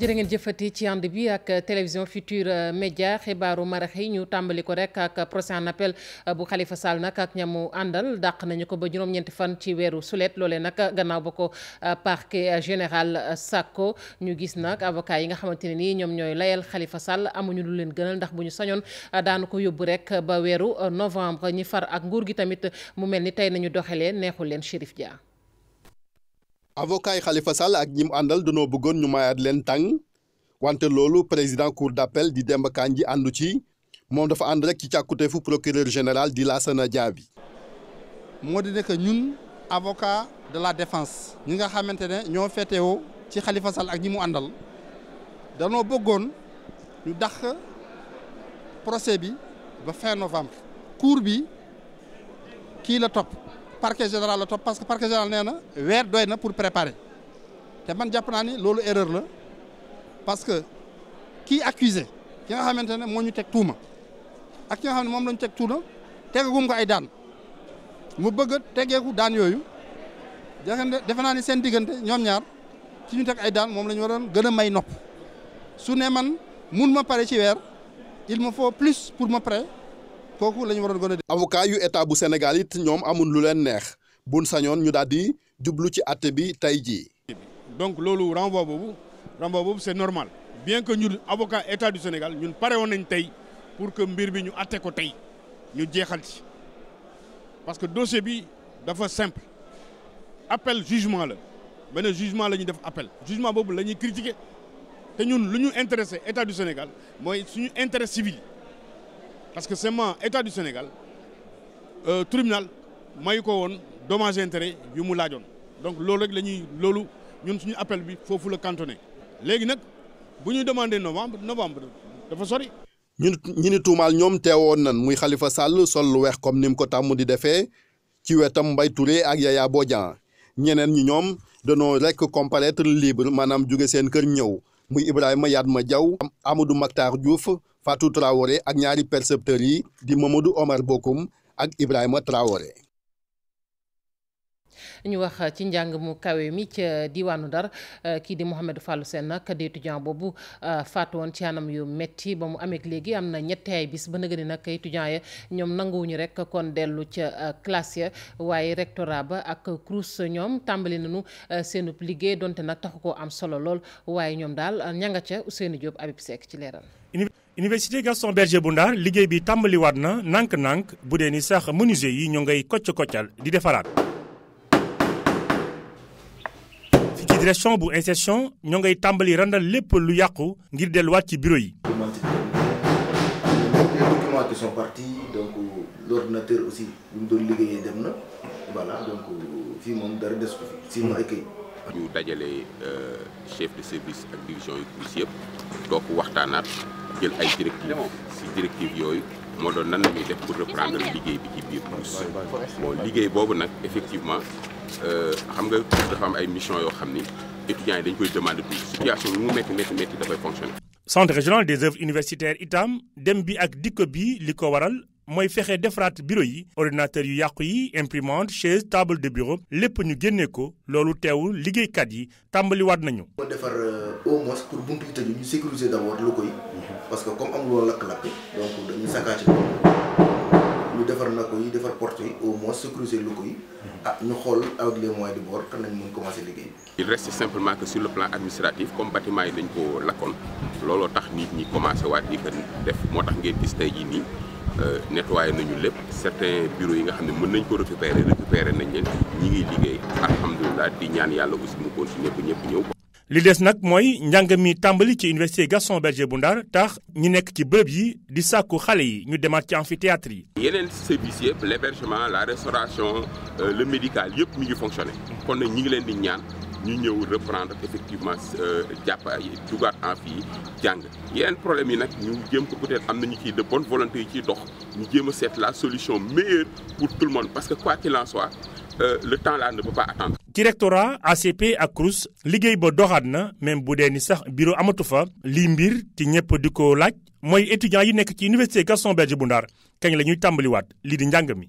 jërë ngeen jëfati ci ànd bi ak télévision Futurs Médias xibaaru marax yi ñu tàmbali ko rek ak procès en bu Khalifa Sall nag ak ñamu àndal dàq nañu ko ba juróom-ñeenti fan ci weeru sulet loolee nag gannaaw ba ko euh, parquet général sàkko ñu gis nag avocat yi nga xamante ne nii ñoom ñooy layal Khalifa Sall amuñu lu leen gënal ndax bu ñu sañoon euh, daanu ko yóbbu rek ba weeru novembre ñi far ak nguur gi tamit mu mel ni tey nañu doxalee neexul leen Chérif Dia. avocat yi Khalifa Sall ak ñi mu àndal danoo bëggoon ñu maayaat leen tàng wante loolu président cour d'appel di Demba Kandji àndu ci moom dafa ànd rek ci càkkuteefu procureur général di Lassana Diaby. moo di ne que ñun avocat de la défense ñi nga xamante ne ñoo féetewoo ci xalifa Sall ak ñi mu àndal danoo bëggoon ñu dàq procès bi ba fin novembre. cour bi kii la topp. parquet général la topp parce que parquet général nee na weer doy na pour préparer te man jàpp naa ni loolu erreur la parce que kii accusé ki nga xamante ne moo ñu teg tuuma ak ki nga xam moom la teg tuuma tegagum ko ay daan mu bëgg a tegeeku daan yooyu defe naa ni seen diggante ñoom ñaar ci ñu teg ay daan moom la ñu waroon gën a may nopp su ne man mun ma pare ci weer il me faut plus pour ma pare kooku la ñu waroon gën a avocat yu état bu Sénégal it ñoom amul lu leen neex buñ sañoon ñu daal di jublu ci àtte bi tey jii. donc loolu renvoi boobu renvoi boobu c'est normal bien que ñun avocat état du Sénégal ñun pare woon nañ tey pour que mbir bi ñu àtte ko tey ñu jeexal ci parce que dossier bi dafa simple appel jugement la benn jugement la ñuy def appel jugement boobu la ñuy critiquer te ñun lu ñu intéressé état du Sénégal mooy suñu intérêt civil. parce que seulement état du Sénégal euh, tribunal mayu ko woon dommage intérêt yu mu laajoon donc loolu rek la ñuy loolu ñun suñu appel bi foofu la cantonné léegi nag bu ñu demandé novembre novembre dafa sori. ñu ñi tuumaal ñoom teewoon nan muy xalifa sàll sol lu weex comme ni mu ko tàmm di defee ci wetam Mbaye Touré ak Yaya Bodian ñeneen ñi ñoom danoo rek comparaître libre maanaam jóge seen kër ñëw muy Ibrahima ma Yatma Diaw Amadou Mactar Diouf. Fatou Traoré ak ñaari percepteurs yi di Mamadou Omar Bokum ak Ibrahima Traoré. ñu wax ci njàng mu kawe mi ca diwaanu dara eh, kii di Mouhamadou Fallou seen nag di étudiant boobu eh, faatu woon ci anam yu metti ba mu amee léegi am na ñetti ay bis ba nga ni nag étudiant ya ñoom nanguwuñu rek kon dellu ca eh, classe ya waaye rectorat ba ak CROUS ñoom tàmbali nanu seenub liggéey donte nag taxu ko am solo lool waaye ñoom daal ñanga nga ca Ousseynou Diop Habib Seck ci leeral. université Gaston Berger bu Ndar liggéey bi tàmbaliwaat na nànk-nànk bu dee ni sax menuisier yi ñu ngay kocc koccal di defaraat. fi ci direction bu insertion ñoo ngay tàmbali randal lépp lu yàqu ngir delluwaat ci bureau yi. documents l'ordinateur aussi bu mu doon liggéeyee dem na voilà donc fii moom dara des ko fi sima ay ñu dajale euh, chef de service ak yu police yëpp toog waxtaanaat. jël ay directives si directives yooyu moo doon nan la def pour reprendre liggéey bi ci biir Crous. liggéey boobu nag effectivement euh, xam nga dafa am ay mission yoo xam ni étudiants yi dañ koy demander tout situation bi mu métti métti métti dafay fonctionner. centre régional des œuvres universitaires itam dem bi ak dikk bi li ko waral mooy fexe defaraat bureau yi ordinateur yu yàqu yi imprimante chaise table de bureau lépp ñu génne ko loolu teewul liggéeykat yi tàmbaliwaat nañu. ko defar euh, au moins pour buntu yi tëju ñu sécuriser d'abord lu koy parce que comme amul woon lakk-lakk donc dañuy saccagé ñu defar na yi defar porte yi au moins sécuriser lu koy ah ñu xool avec les moyens du bord kan lañ mën commencer liggéey. il reste simplement que sur le plan administratif comme yi dañ ko lakkoon looloo tax commencé waat di moo tax ngeen gis tey Euh, nettoyé nañu lépp certains bureaux yi nga xam ne mën nañ ko récupérer récupérer nañ leen ñi ngi liggéey alhamdulilah di ñaan yàlla aussi mu continuer ba ñëw. li des nag mooy njàng mi tàmbali ci université Gaston Berger bu Ndar tax ñi nekk ci bërëb yi di sàkku xale yi ñu demaat ci amphithéâtre yi. yeneen services yëpp l' hébergement la restauration euh, le médical yëpp mi ngi fonctionné kon nag ñi ngi leen di ñaan. ñu ñëw reprendre effectivement euh, jàpp ay dugaat en fii jàng yeneen problème yi nag ñu jéem ko peut-être am nañu kii de bonne volonté yi ciy dox ñu jéem seet la solution meilleure pour tout parce que quoi qu'il en euh, le temps là ne peut pas attendre. directorat ACP ak CROUS liggéey ba doxaat na même bu dee ni sax bureau amatu fa lii mbir ci ñëpp di ko laaj mooy étudiants yi nekk ci université Gaston Berger bu Ndar kañ la ñuy tàmbaliwaat lii di njàng mi.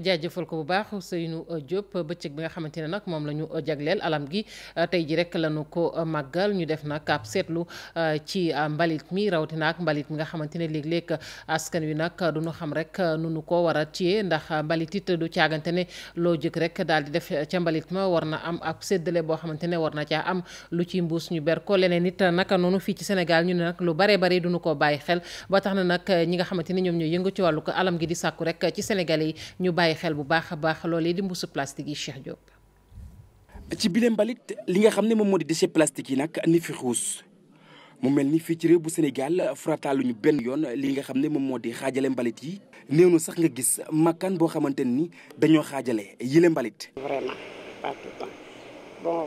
jaajëfal ko bu baax Ousseynou Diop bëccëg bi nga xamante ne nag moom la ñu jagleel alam gi tey ji rek lañu ko màggal ñu def nag ab seetlu euh, ci mbalit mi rawatina ak mbalit mi nga xamante ne léeg-léeg askan wi nag du xam rek nu nu ko war a téye ndax mbalit it du caagante ne loo jëkk rek daal di def ca mbalit ma war na am ak séddale boo xamante ne war na caa am lu ci mbuus ñu ber ko leneen it naka noonu fii ci Sénégal ñu ne nag lu bare bare du ñu ko bàyyi xel boo tax na nag ñi nga xamante ne ñoom ñooy yëngu ci wàllu ko alam gi di sàkku rek ci Sénégalais bàyyi xel bu baax a baax loolee di mbuusu plastique yi Cheikh Diop. ci bile mbalit li nga xam ne moom moo di déchet plastique yi nag ni fi xuus mu mel ni fii ci réew bu Sénégal frataalu ñu benn yoon li nga xam ne moom moo di xaajale mbalit yi néew na sax nga gis makkan boo xamante ni dañoo xaajale yile mbalit. vraiment pas tout le temps bon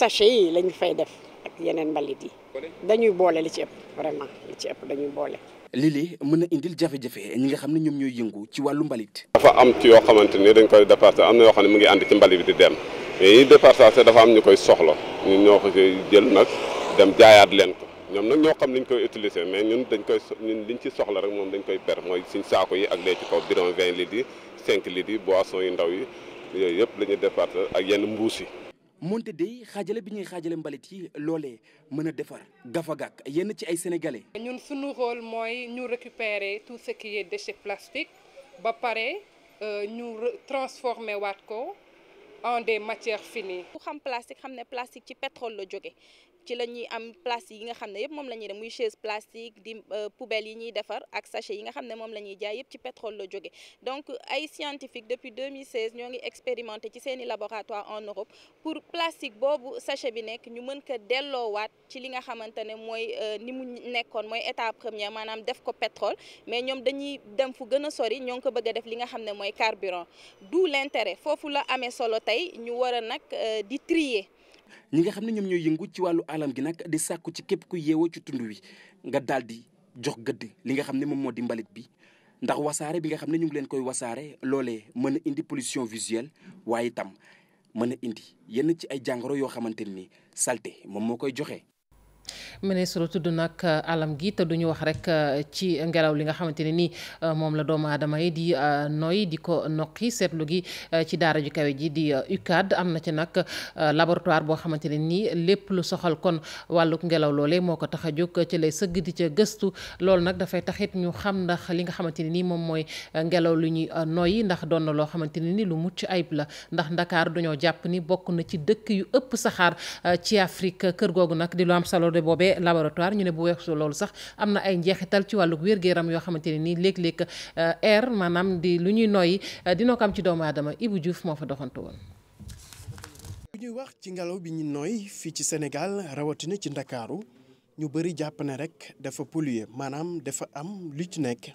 sachet yi lañu fay def ak yeneen mbalit yi dañuy boole li ci ëpp vraiment li ci ëpp dañuy boole. lii mën na indil jafe-jafe ñi nga xam ne ñoom ñooy yëngu ci wàllu mbalit. dafa am ci yoo xamante ni dañ koy départager am na yoo xam ne mu ngi ànd ci mbalit bi di dem mais yi départager dafa am ñu koy soxla ñun ñoo ko jël nag dem jaayaat leen ko ñoom nag ñoo xam liñ koy utiliser mais ñun dañ koy ñun liñ ci soxla rek moom dañ koy per mooy siñ saako yi ak lee ci kaw bidon vingt litres yi cinq litres yi yu ndaw yi yooyu yëpp la ñuy ak yenn mbuus yi. moonte day xaajale bi ñuy xaajale mbalit yi loole mën a defar gafagak yenn ci ay sénégalais. ñun suñu rôle mooy ñu récupérer tout ce qui est déchet plastique ba pare euh, ñu transformer waat ko en des matières finies. ku xam plastique xam ne plastique ci pétrole la jóge ci la ñuy am place yi nga xam ne yëpp moom la ñuy def muy chaise plastique di euh, poubelles yi ñuy defar ak sachet yi nga xam ne moom la ñuy jaay yëpp ci pétrole la jóge donc ay scientifique depuis 2016 ñoo ngi expérimenté ci seeni laboratoire en Europe pour plastique boobu sachet bi nekk ñu mën ko delloowaat ci li nga xamante ne mooy euh, ni mu nekkoon mooy état premier maanaam def ko pétrole mais ñoom dañuy dem fu gën a sori ñoo ngi ko bëgg a def li nga xam ne mooy carburant d'où l'intérêt foofu la amee solo tey ñu war a nag euh, di trier ñi nga xam ne ñoom ñooy yëngu ci wàllu alam gi nag di sàkku ci képp ku yeewoo ci tund wi nga daal di jox gëdd li nga xam ne moom moo di mbalit bi ndax wasaare bi nga xam ne ñu ngi leen koy wasaare loole mën a indi pollution visuelle waaye itam mën a indi yenn ci ay jàngoro yoo xamante ni salte moom moo koy joxe. ministre tudd nag euh, alam gi te duñu wax rek euh, ci ngelaw li nga xamante ne nii euh, moom la doomu aadama yi di noy di ko noqi seetlu gi ci daara ju kawe ji di UCAD am na ci nag laboratoire boo xamante ne nii lépp lu soxal kon wàlluk ngelaw loole moo ko tax a jóg ci lay sëgg di ca gëstu loolu nag dafay taxit ñu xam ndax li nga xamante ne nii moom mooy ngelaw lu ñuy noyyi ndax doon na loo xamante ne nii lu mucc ayib la ndax Ndakaar duñoo jàpp ni bokk na ci dëkk yu ëpp saxaar nag boobee boobee laboratoire ñu ne bu weesu loolu sax am na ay njeexital ci wàllu wér-gu-yaram yoo xamante ne nii léeg-léeg euh, maanaam di lu ñuy nooy euh, dina ko am ci doomu adama Ibou Diouf moo fa doxante woon. bu ñuy wax ci ngelaw bi ñu nooy fii ci Sénégal rawatina ci Ndakaaru ñu bari jàpp ne rek dafa polluer maanaam dafa am lu ci nekk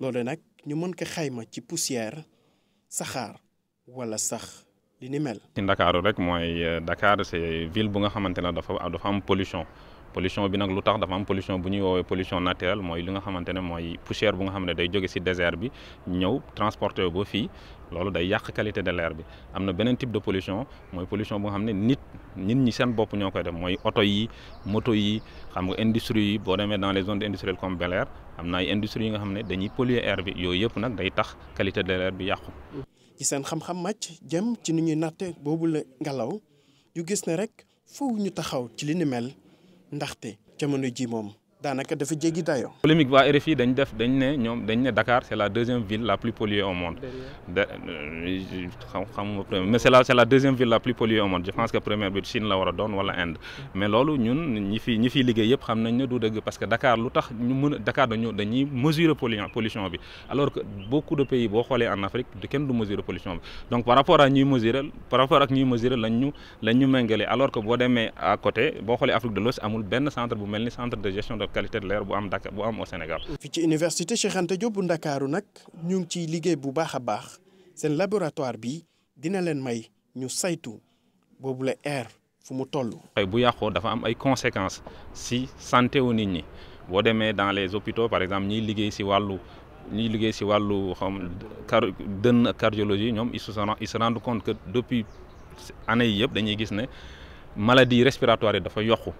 loolu nag ñu mën ko xayma ci poussière saxaar wala sax. li ni mel. ci Ndakaaru rek mooy euh, dakaar c'est ville bu nga xamante ne dafa dafa am pollution pollution bi nag lu tax dafa am pollution bu ñuy woowee pollution naturelle mooy nga xamante ne mooy poussière bu nga xam ne day jóge ci désert bi ñëw transporté wu ba fii loolu day yàq qualité de laire bi am na beneen type de pollution mooy pollution bu nga xam ne nit nit ñi seen bopp ñoo koy def mooy oto yi moto yi xam nga industrie yi boo demee dans les zones industrielles comme Bel Air am na ay industries yi nga xam ne dañuy polluer air bi yooyu nag day tax qualité de l'air yàqu. ci seen xam-xam màcc jëm ci ni ñuy natte boobu la ngelaw yu gis ne rek foofu ñu taxaw ci li ni mel ndaxte jamono ji moom daanaka dafa polémique waa RFI dañ def dañ ne ñoom dañ ne Dakar c' la deuxième ville la plus polluée au monde. je pense que première bi Chine la war a doon wala Inde. mais loolu ñun ñi fi liggéey yëpp xam nañ ne du dëgg parce que Dakar lu tax mën a dañu dañuy mesurer polluant bi alors que beaucoup de pays boo xoolee en Afrique du kenn du mesurer pollution bi donc par rapport ak ñuy mesurer lañ ñu alors que boo demee à côté boo xoolee Afrique de qualité de l'air bu am Dakar bu am au Sénégal. fi ci université Cheikh Anta Diop Ndakaaru nag ñu ngi ciy liggéey bu baax a baax seen laboratoire bi dina leen may ñu saytu boobu la air fu mu toll. bu yàqoo dafa am ay conséquences si santé wu nit ñi boo demee dans les hôpitaux par exemple ñiy liggéey si wàllu. ñuy liggéey si wàllu xam car dënn cardiologie ñoom ils se sont ils se rendent compte que depuis année yi yëpp dañuy gis ne maladie respiratoire yi dafa yokku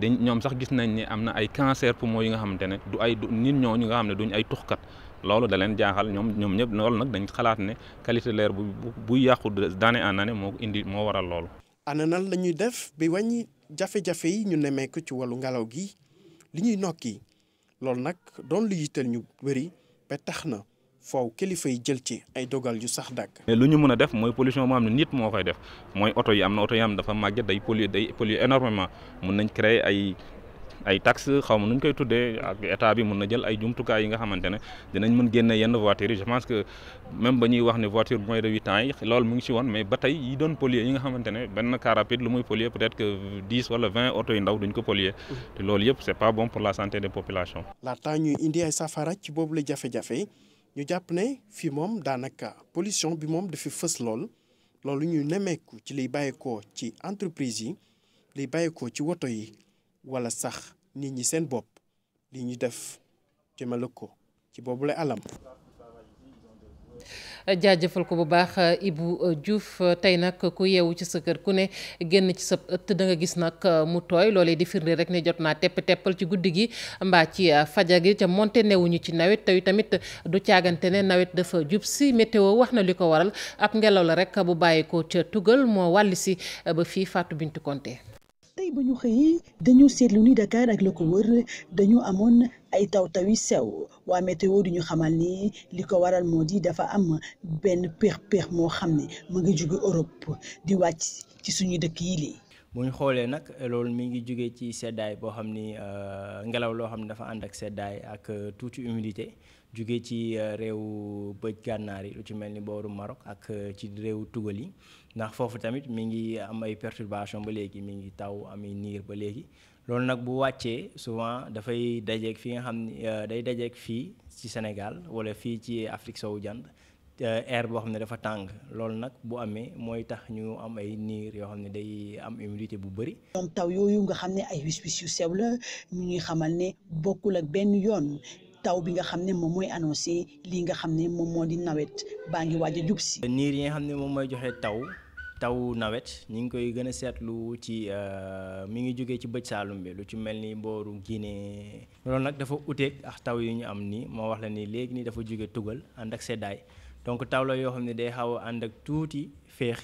dañ ñoom sax gis nañ ni am na ay cancer poumon yi nga xamante ne du ay nit ñooñu nga xam ne duñ ay tuxkat loolu da leen jaaxal ñoom ñoom ñëpp loolu nag dañ xalaat ne qualité l'air bu bu yàqu d'année en année moo indi moo waral loolu. ana nan la def bi wàññi jafe-jafe yi ñu nemmeeku ci wàllu ngelaw gi li ñuy nokki loolu nag doon lu yitteel ñu bëri ba tax na. foow kilifa yi jël ci ay dogal yu sax dàkk. lu ñu mën a def mooy pollution moo am ne nit moo koy def mooy oto yi am na oto yi am dafa màgget day polluer énormément mun nañ créer ay. ay taxe xaw ma nu ñu koy tuddee ak état bi mun na jël ay jumtukaay yi nga xamante ne dinañ mën génne yenn voitures yi je pense que même ba ñuy wax ne voiture moins de huit ans yi mu ngi ci woon mais ba tey yi doon polluer yi nga xamante ne benn car rapide lu muy polluer oto yu ndaw duñ ko polluer mm-hmm. te loolu yëpp c'est pas bon pour la santé boobu la jafe ñu jàpp ne fii moom daanaka pollution bi moom dafi fës lool loolu ñuy nemmeeku ci liy bàyyeekoo ci entreprise yi liy bàyyeekoo ci woto yi wala sax nit ñi seen bopp li ñu def jëmale ko ci boobu boobule alam. jaajëfal ko bu baax eh, Ibou eh, Diouf tey nag ku yeewu ci sa kër ku ne génn ci sa ëtt danga gis nag eh, mu tooy loole di firnde rek ne jot naa tepp teppal ci guddi gi mbaa ci fajar gi ca monte newuñu ci nawet tey tamit du caagante ne nawet dafa jub si météo wax na li ko waral ab ngelaw la rek bu bàyyi ko ca tugal moo wàll si ba fii Fatou Bintou Konté tey ba ñu xëyee dañu seetlu ni Dakar ak la ko wër dañu amoon ay taw tawi sew waa météo du ñu xamal ni li ko waral moo di dafa am benn péex péex moo xam ne mu ngi jóge Europe di wàcc ci suñu dëkk yi lii ñu xoolee nag loolu mi ngi jógee ci seddaay boo xam ni euh, ngelaw loo xam ne dafa ànd ak seddaay ak euh, tuuti humidité jógee ci euh, réew bëj gànnaar yi lu ci mel ni booru marok ak ci réew tugal yi ndax foofu tamit mi ngi am ay perturbation ba léegi mi ngi taw am ay niir ba léegi loolu nag bu wàccee souvent dafay dajeeg fii nga xam ni euh, day dajeeg fii ci Sénégal wala fii ci Afrique sowu jant euh, air boo xam ne dafa tàng loolu nag bu amee mooy tax ñu am ay niir yoo xam ne day am humidité bu bëri. ñoom taw yooyu nga xam ne ay wis-wis yu sew la ñu ngi xamal ne bokkul ak benn yoon taw bi nga xam ne moom mooy annoncé lii nga xam ne moom moo di nawet baa ngi waaj a si. niir yi nga xam ne moom mooy joxe taw. taw nawet ñi ngi koy gën a seetlu ci euh, mu ngi jógee ci bëj saalum bi lu ci mel ni mbooru Guinée loolu nag dafa uteeg ak taw yu ñu am ni moo wax la ni léegi nii dafa jóge tugal ànd ak seddaay donc taw la yoo xam ne day xaw a ànd ak tuuti féex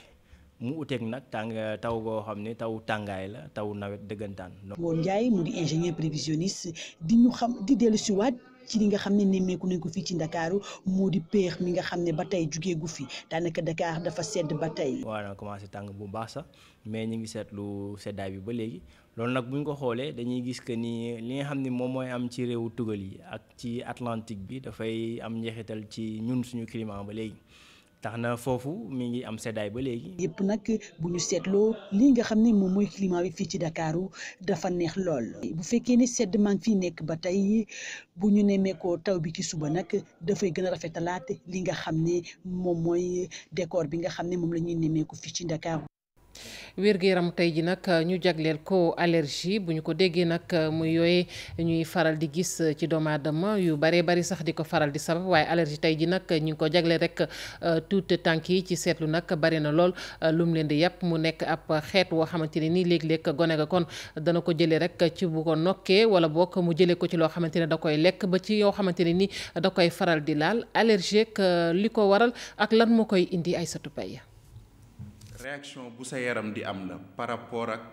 mu uteeg nag tàng taw goo xam ne taw tàngaay la taw nawet dëggantaan. Ngor Ndiaye mu di ingénieur prévisionniste di ñu xam di dellu si waat ci li nga xam ne nemmeeku nañ ko fii ci Ndakaaru moo di péex mi nga xam ne ba tey jugee gu fi daanaka Dakar dafa sedd ba tey. waaw na commencé tàng bu baax sax mais ñu ngi seetlu seddaay bi ba léegi loolu nag bu ñu ko xoolee dañuy gis que ni li nga xam ni moom mooy am ci réewu tugal yi ak ci Atlantique bi dafay am njeexital ci ñun suñu climat ba léegi. tax na foofu mu ngi am seddaay ba léegi. yëpp nag bu ñu seetloo lii nga xam ne moom mooy climat bi fii ci Ndakaaru dafa neex lool. bu fekkee ne sedd maa ngi fii nekk ba tey bu ñu nemmeekoo taw bi ci suba nag dafay gën a rafetalaat li nga xam ne moom mooy décor bi nga xam ne moom la ñuy nemmeeku fii ci Ndakaaru. wér-gu-yaram tey ji nag euh, ñu jagleel ko allergie bu ñu ko déggee nag euh, muy yooye ñuy faral di gis euh, ci doomu aadama yu baree bari sax di ko faral di sabab waaye allergie tey ji nag ñu ko jagleel rek tuut tànk yi ci seetlu nag bari na lool lum leen di yàpp mu nekk ab xeet woo xamante ne nii léeg-léeg gone ga kon dana ko jëlee rek ci bu ko nokkee wala bokk mu jëlee ko ci loo xamante ne da koy lekk ba ci yoo xamante ne ni da koy faral di laal allergie ak li ko waral ak lan moo koy indi ay satupay réaction bu sa yaram di am na par rapport ak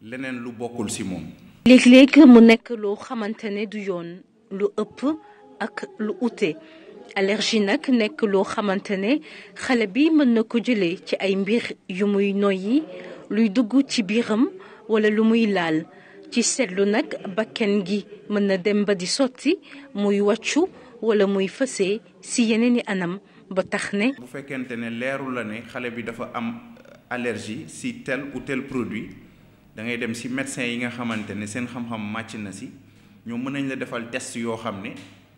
leneen lu bokkul ci moom. léeg-léeg mu nekk loo xamante ne du yoon lu ëpp ak lu ute allergie nag nekk loo xamante ne xale bi mën na ko jëlee ci ay mbir yu muy noyyi luy dugg ci biiram wala lu muy laal ci seetlu nag bakken gi mën na dem ba di sotti muy wàccu wala muy fësee ci yeneen i anam. ba tax ne. bu fekkente ne leerul la ne xale bi dafa am euh, allergie si tel ou tel produit da ngay dem si médecin yi nga xamante ne seen xam-xam màcc na si ñoom mën nañ la defal test yoo xam ne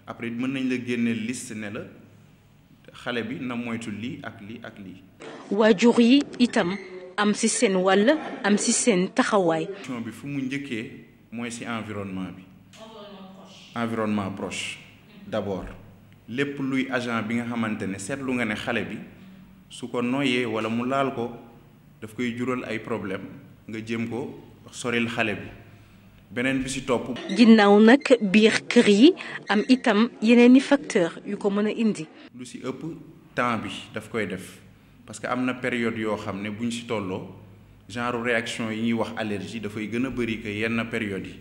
après mën nañ la génne liste ne la xale bi na moytu lii ak lii ak lii. waajur yi itam am si seen wàll am si seen taxawaay. bi fu mu njëkkee mooy si environnement bi environnement proche d'abord. lépp luy agent bi nga xamante ne seetlu nga ne xale bi su ko noyyee wala mu laal ko daf koy jural ay problème nga jëm ko soril xale bi beneen bi si topp. ginnaaw nag biir kër yi am itam yeneen i facteur yu ko mën a indi. lu si ëpp temps bi daf koy def parce que am na période yoo xam ne bu ñu ci tolloo genre réaction yi ñuy wax allergie dafay gën a bari que yenn période yi.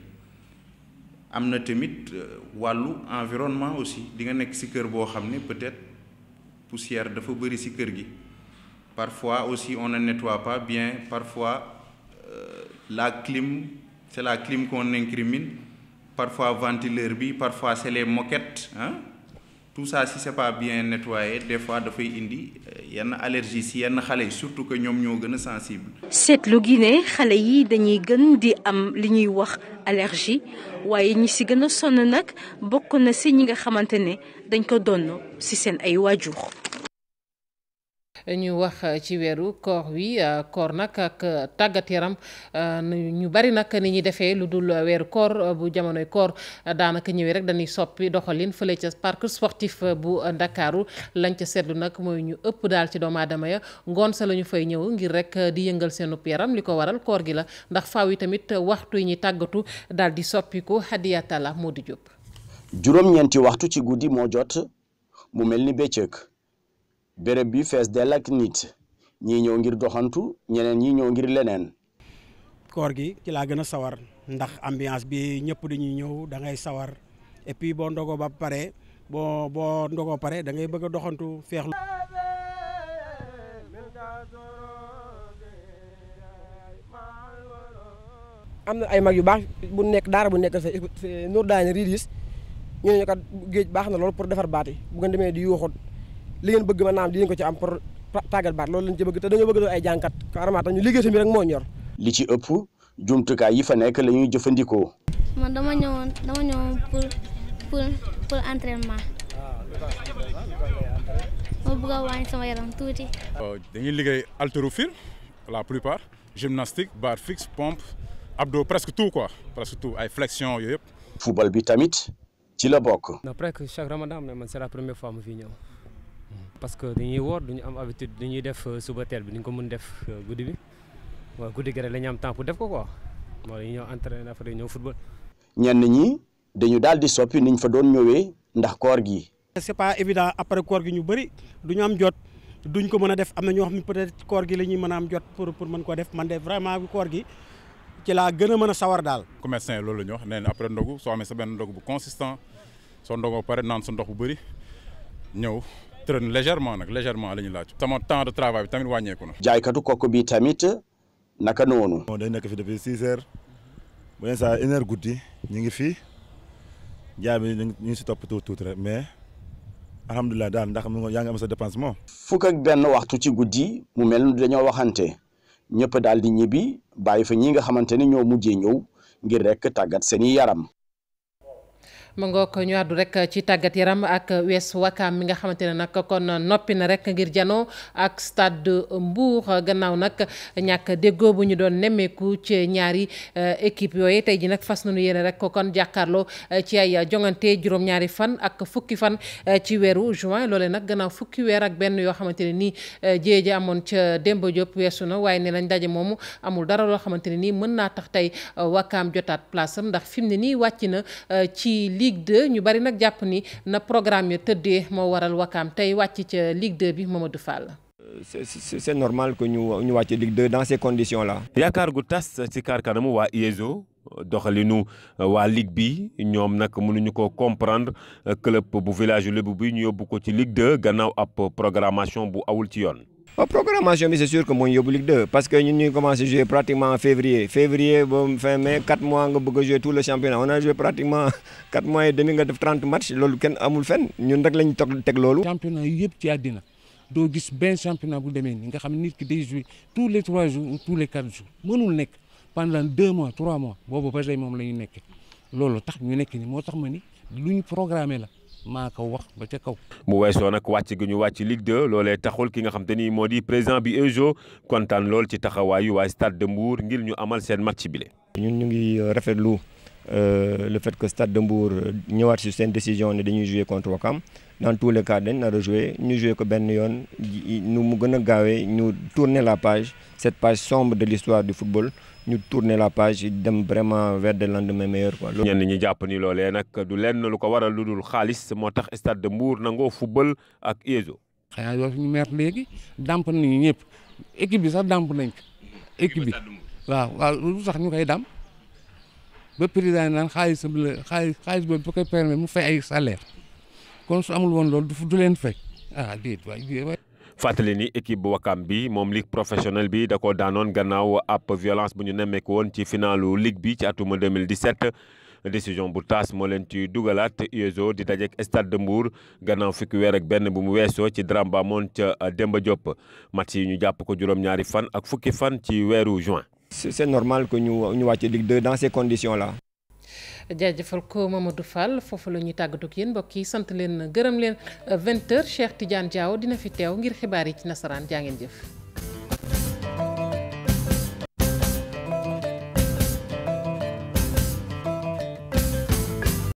am na tamit euh, wàllu environnement aussi di nga nekk ci kër boo xam ne peut-être poussière dafa bëri ci kër gi parfois aussi on ne nettoie pas bien parfois euh, la clim c'est la clim qu'on incrimine parfois ventilateur bi parfois c'est les moquettes hein tout ça si c'est pas bien nettoyé des fois dafay indi euh, yenn allergie si yenn xale yi surtout que ñoom ñoo gën a sensible. seetlu gi ne xale yi dañuy gën di am li ñuy wax allergie waaye ñi si gën a sonn nag bokk na si ñi nga xamante ne dañ ko donn si seen ay waajur. ñu wax eh, ci weeru koor wi eh, koor nag ak eh, tàggat yaram ñu bari nag ni ñu defee lu dul weeru koor bu jamonoy koor daanaka ñëwee rek dañuy soppi doxalin fële ca parc sportif bu Ndakaaru lañ ca seetlu nag mooy ñu ëpp daal ci doomu adama ya ngoon sa la ñu fay ñëw ngir rek di yëngal seenub yaram li ko waral koor gi la ndax faw yi tamit waxtu yi ñu tàggatu daal di soppiku Hadiya moo di Jóob juróom-ñeenti waxtu ci guddi moo jot mel ni bëccëg béréb bi fees dell ak nit ñi ñëw ngir doxantu ñeneen ñi ñëw ngir leneen. koor gi ci laa gën a sawar ndax ambiance bi ñëpp dañuy ñëw da ngay sawar et puis boo ndogoo pare boo boo ndogoo pare da ngay bëgg a doxantu feexlu. am na ay mag yu baax bu nekk daara bu nekk fee Nour Daane Ridis ñu ne géej baax na lool pour defar baat yi bu ngeen demee di yuuxut li ngeen bëgg ma naam di ko ci am pour tàggat baat loolu lañ ci bëgg te dañoo bëgg doon ay jànkat carrément ñu liggéey sa mbir rek moo ñor. li ci ëpp jumtukaay yi fa nekk la ñuy jëfandikoo. man dama ñëwoon dama ñëwoon pour pour pour entraînement. a wàññi sama yaram tuuti. Euh, dañuy liggéey haltérophile la plupart gymnastique barre fixe pompe abdo presque tout quoi presque tout ay flexion yooyu yëpp. football bi tamit ci la bokk. ndax presque chaque ramadan man c'est la première fois mu fi ñëw. parce que dañuy woor duñu am habitude dañuy def euh, suba bi ni ñu ko mën def euh, guddi bi waaw guddi gi rek la am temps pour def ko quoi moo dañuy ñëw entraîné après ñëw football. ñenn ñi dañu daal di soppi niñ fa doon ñëwee ndax koor gi. c'est pas évident après koor gi ñu bëri duñu am jot duñ ko mën a def am na ñoo xam ne peut-être koor gi la ñuy mën a am jot pour pour mën koo def man de vraiment koor gi. ci laa gën a mën a sawar daal. commerçant yi loolu la ñu wax nee na après ndogu soo amee sa benn ndog bu consistant soo ndogoo pare naan sa ndox bu bëri ñëw tërën légèrement nag légèrement la ñu laaj sama temps de travail bi tamit wàññeeku na. jaaykatu kokk bi tamit naka noonu. bon day nekk fi depuis six heures bu ne saa une heure guddi ñu ngi fi jaay bi ñu ngi si topp tuuti tuuti rek mais alhamdulilah daal ndax mu yaa ngi am sa dépense moom. fukk benn waxtu ci guddi mu mel ni dañoo waxante ñëpp daal di ñibbi bàyyi fa ñi nga xamante ni ñoo mujjee ñëw ngir rek tàggat seen i yaram. ma ngoog ñu du rek ci tàggat yaram ak wees wakkaam mi nga xamante ne nag kon noppi na rek ngir janoo ak stade Mbour gannaaw nag ñàkk déggoo bu ñu doon nemmeeku ci ñaari eh, équipe yooyu tey ji nag fas nañu yéene rek kon jàkkaarloo eh, ci ay jongante juróom-ñaari fan ak fukki fan eh, ci weeru juin loole nag gannaaw fukki weer ak benn yoo xamante ne nii jéeje amoon ca Demba Diop weesu na waaye ne nañ daje moomu amul dara loo xamante ne nii mën naa tax tey wakaam jotaat Ligue 2 ñu bari nag jàpp ni na programme ya tëddee moo waral Wakaam tey wàcc ca Ligue 2 bi Mamadou Fall. c'est c'est normal ko ñu ñu wàcc Ligue 2 dans ces conditions la yaakaar gu tas ci kaar kanamu waa IESO doxalinu waa lig bi ñoom nag mënuñu ko comprendre club bu village Lébou bi ñu yóbbu ko ci Ligue 2 gannaaw ab programmation bu awul ci yoon. waaw programmation bi c'est sûr que mooy yóbbu Ligue 2 parce que ñun ñuy commencé jouer pratiquement en février février ba fin mai 4 mois nga bëgg a jouer tout le championnat on a joué pratiquement 4 mois et demi nga def 30 matchs loolu amul fenn ñun rek lañ toog teg loolu. championnat yëpp ci àddina doo gis benn championnat bu demee ni nga xam nit ki day jouer tous les 3 jours ou tous les 4 jours mënul nekk mois 3 mois boobu ba tey moom la ñu nekk loolu tax ñu nekk moo tax ma ni lu ñu la. maa kaw wax ba ca kaw. mu weesoo nag wàcc gi ñu wàcc Ligue 2 loolee taxul ki nga xam te ni moo di président bi Ejo kontaan lool ci taxawaayu waay Stade de Mbour ngir ñu amal seen match bile. ñun ñu ngi euh, rafetlu euh, le fait que Stade de Mbour euh, ñëwaat si seen décision ne dañuy jouer contre Wakam. dans tous les cas dañ na a ñu jouer ko benn yoon nu mu gën a gaawee ñu tourner la page cette page sombre de l'histoire du football ñu tourner la page dem vraiment vers de lendemains meilleurs quoi. ñenn ñi jàpp ni loolee nag du lenn lu ko waral lu dul xaalis moo tax stade de Mbour nangoo football ak ISO. xanaa doo nañu ñëpp équipe bi sax dàmp nañ ko. équipe sax ñu koy dàmp ba président naan xaalisam la xaalis xaalis bu koy permettre mu fay ay salaire kon su amul woon loolu du leen fekk ah déet ni équipe bu Wakam bi moom ligue professionnelle bi da ko daanoon gannaaw ab violence bu ñu nemmeeku woon ci finalu ligue bi ci atuma 2017 décision bu taas moo leen ci dugalaat USO di dajeek Stade de Mbour gannaaw fukki weer ak benn bu mu weesoo ci drame ba amoon ca Demba jopp mat yi ñu jàpp ko juróom-ñaari fan ak fukki fan ci weeru juin. c'est normal que ñu ñu wàcce Ligue 2 dans ces conditions là. jaajëfal ko Mamadou Fall foofu la ñuy tàggatoo ak yéen mbokk yi sant leen gërëm leen 20h Cheikh Tidiane dina fi teew ngir xibaar yi ci nasaraan jaa ngeen jëf.